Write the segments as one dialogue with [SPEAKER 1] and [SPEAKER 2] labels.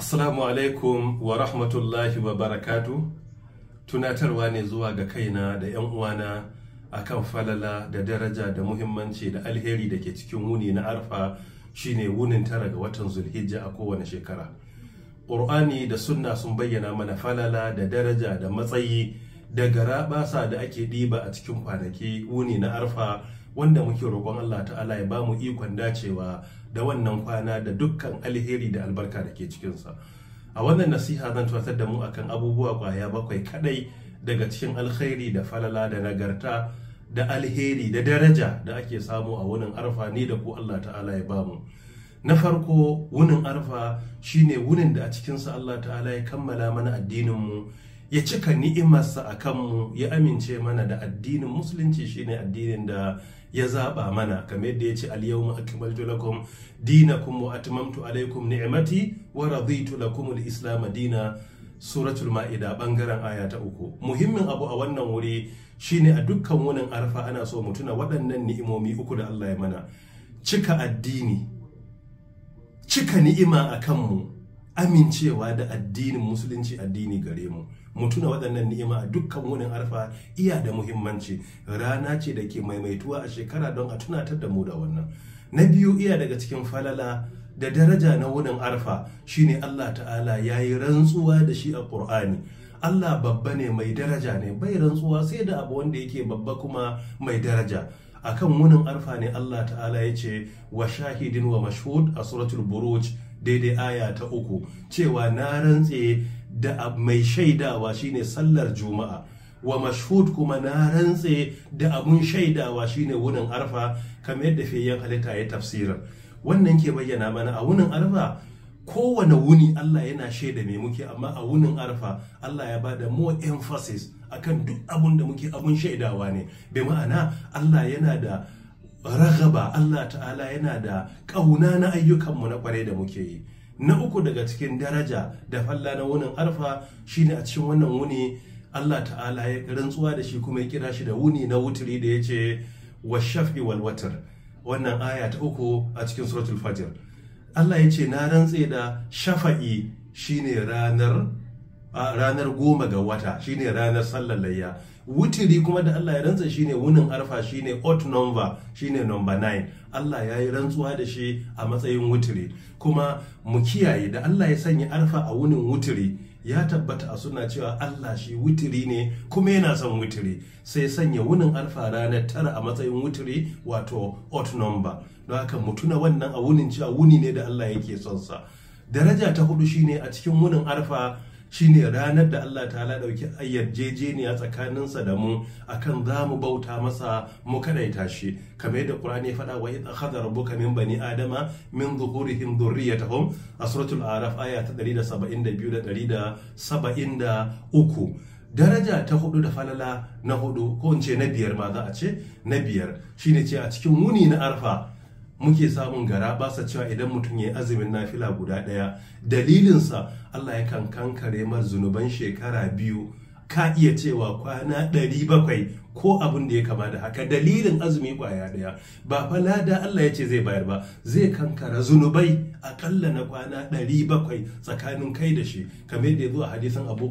[SPEAKER 1] Assalamu alaikum wa rahmatullahi wa barakatu tunatarwa ne zuwa ga kaina da 'yan uwana akan falala da daraja da muhimmanci da alheri da ke cikin wuni na arfa shine wunin tara ga watan zulhijja a kowane shekara ƙur'ani da sunna sun bayyana mana falala da daraja da matsayi da garaɓasa da ake ɗiba a cikin kwanaki wuni na arfa wanda muke roƙon allah ta'ala ya bamu ikon dacewa da wannan kwana da dukkan alheri da albarka da ke cikinsa a wannan nasiha zan tuwatar da mu akan abubuwa kwaya bakwai kadai daga cikin alheri da falala da nagarta da alheri da daraja da ake samu a wunin arfa ni da ku Allah ta'ala ya bamu na farko wunin arfa shine wunin da a cikinsa Allah ta'ala ya kammala mana addininmu ya cika ni'imarsa a kanmu ya amince mana da addinin musulunci shine addinin da ya zaba mana kamar yadda ya ce al-yawma akmaltu lakum dinakum wa atmamtu alaykum ni'mati wa raditu lakum al-islam dina suratul ma'ida bangaren aya ta uku muhimmin abu a wannan wuri shine a dukkan wunin arfa ana so mu tuna waɗannan ni'imomi uku da Allah ya mana cika addini cika ni'ima a kanmu amincewa da addinin musulunci addini gare mu mu waɗannan ni'ima a dukkan wunin arfa iya da muhimmanci rana ce da ke maimaituwa a shekara don a tunatar da mu da wannan na biyu iya daga cikin falala da daraja na wunin arfa shine Allah ta'ala ya yi rantsuwa da shi a ƙur'ani Allah babba ne mai daraja ne bai rantsuwa sai da abu wanda yake babba kuma mai daraja akan wunin arfa ne Allah ta'ala ya ce wa shahidin wa mashhud a suratul buruj daidai aya ta uku cewa na rantse da mai shaidawa shine sallar juma'a wa mashhud kuma na rantse da abun shaidawa shine wunin arfa kamar yadda fiyayyen halitta ya tafsirin wannan ke bayyana mana a wunin arfa kowane wuni Allah yana shaida mai muke amma a wunin arfa Allah ya ba da more emphasis akan duk abun da muke abun shaidawa ne bi ma'ana Allah yana da ragaba Allah ta'ala yana da ƙauna na ayyukanmu na ƙwarai da muke yi na uku daga cikin daraja da falla na wunin arfa shine a cikin wannan wuni Allah ta'ala ya rantsuwa da shi kuma ya kira shi da wuni na wuturi da ya ce wa shafi wal wannan aya ta uku a cikin suratul fajr Allah ya ce na rantse da shafa'i shine ranar ranar goma ga wata shine ranar sallar layya wutiri kuma da Allah ya rantsa shine wunin arfa shine ot number shine number 9 Allah ya yi rantsuwa da shi a matsayin wutiri kuma mu kiyaye da Allah ya sanya arfa a wunin wutiri ya tabbata a suna cewa Allah shi wutiri ne kuma yana son wutiri sai sanya wunin arfa ranar tara a matsayin wutiri wato ot number don haka mutuna wannan a wunin cewa wuni ne da Allah yake son sa daraja ta hudu shine a cikin wunin arfa shine ranar da Allah ta ɗauki dauki yarjejeniya tsakaninsa da mu akan za mu bauta masa mu kadaita shi kamar yadda Qur'ani ya faɗa wa idh akhadha rabbuka min bani adama min zuhurihim dhurriyyatahum a suratul araf aya ta 172 da 173 daraja ta hudu da falala na hudu ko in ce na biyar ma za a ce na biyar shine ce a cikin wuni na arfa muke samun gara ba sa cewa idan mutum ya yi azumin nafila guda ɗaya dalilinsa Allah ya kan kankare mar zunuban shekara biyu ka iya cewa kwana ɗari bakwai ko abin da ya kama da haka dalilin azumi kwaya ɗaya ba fa lada Allah ya ce zai bayar ba zai kankara zunubai akalla na kwana ɗari bakwai tsakanin kai da shi kamar da ya zo a hadisin Abu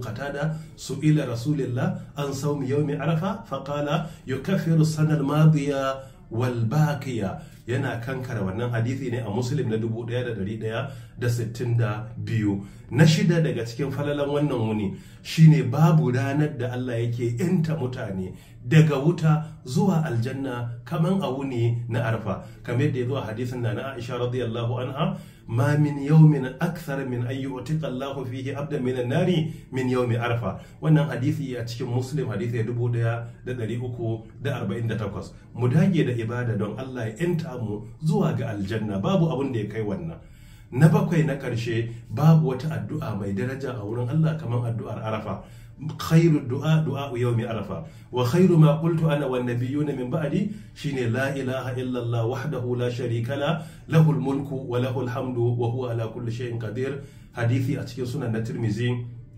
[SPEAKER 1] su il'a Rasulillah an saumi mai Arafa faqala yukaffiru sanar madiya Walbakiya yana kankara wannan hadisi ne a muslim na 1162 na shida daga cikin falalan wannan wuni shine babu ranar da Allah yake yanta mutane daga wuta zuwa aljanna kaman a wuni na arfa kamar yadda ya zuwa hadisin na na Aisha radiyallahu anha ma min min akthar min ayyutika allahu fihi abda min an-nari min yawmi arfa wannan hadisi a cikin muslim hadisi ya 1348 mu dage da ibada don Allah ya yanta mu zuwa ga aljanna babu abin da ya kai wannan na bakwai na ƙarshe babu wata addu'a mai daraja a wurin Allah kamar addu'ar arafa khairu du'a du'a yawmi arafa wa khairu ma qultu ana wan nabiyyuna min ba'di shine la ilaha illa Allah wahdahu la sharika la lahul mulku wa lahul hamdu wa huwa ala kulli shay'in qadir hadisi a cikin sunan na tirmizi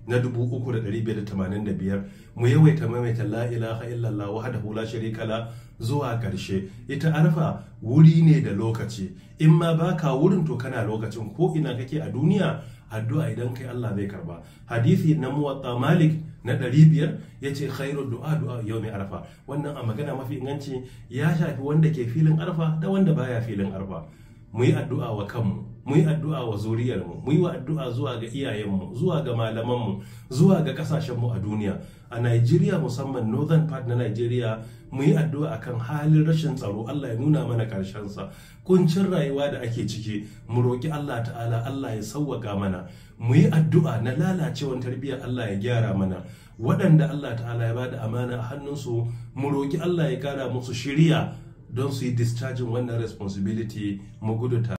[SPEAKER 1] na 3,585 mu yawaita maimaita lailaha ilaha illallah wahdahu hula sharika zuwa ƙarshe ita arfa wuri ne da lokaci in ma baka wurin to kana lokacin ko ina kake a duniya addu'a idan kai Allah bai karba hadisi na muwatta malik na 500 yace khairu du'a du'a mai arfa wannan a magana mafi inganci ya shafi wanda ke filin arfa da wanda baya filin arfa mu yi addu'a wa kanmu mu yi addu'a wa zuriyarmu mu yi wa addu'a zuwa ga iyayenmu zuwa ga malamanmu zuwa ga kasashenmu a duniya a Najeriya musamman northern part na Najeriya mu yi addu'a akan halin rashin tsaro Allah ya nuna mana ƙarshen sa kuncin rayuwa da ake ciki mu roƙi Allah ta'ala Allah ya sauwaka mana mu yi addu'a na lalacewar tarbiyyar Allah ya gyara mana waɗanda Allah ta'ala ya bada amana a hannunsu mu roƙi Allah ya kara musu shirya Don't see discharging when the responsibility Mogudo